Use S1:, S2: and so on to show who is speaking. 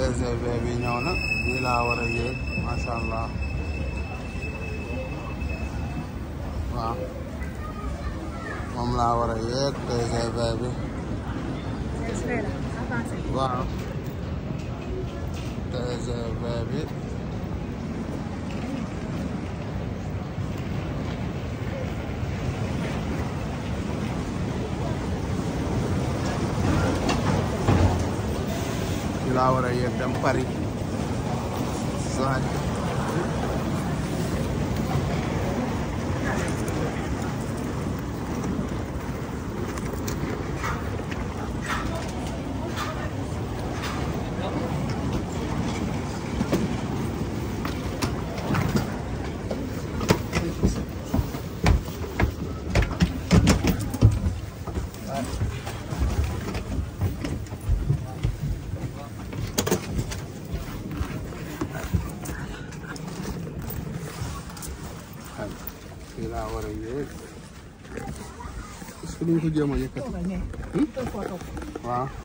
S1: TGV bi ñëw na bii laa war a yéeg macha allah waaw
S2: moom laa war a yéeg TGV bi
S3: waaw TGV bi
S4: ci laa war a yéeg dem Paris
S5: xaaj fii laa war a yéeg
S6: est-ce que duñ ko jéem a yëkkati hmm? waaw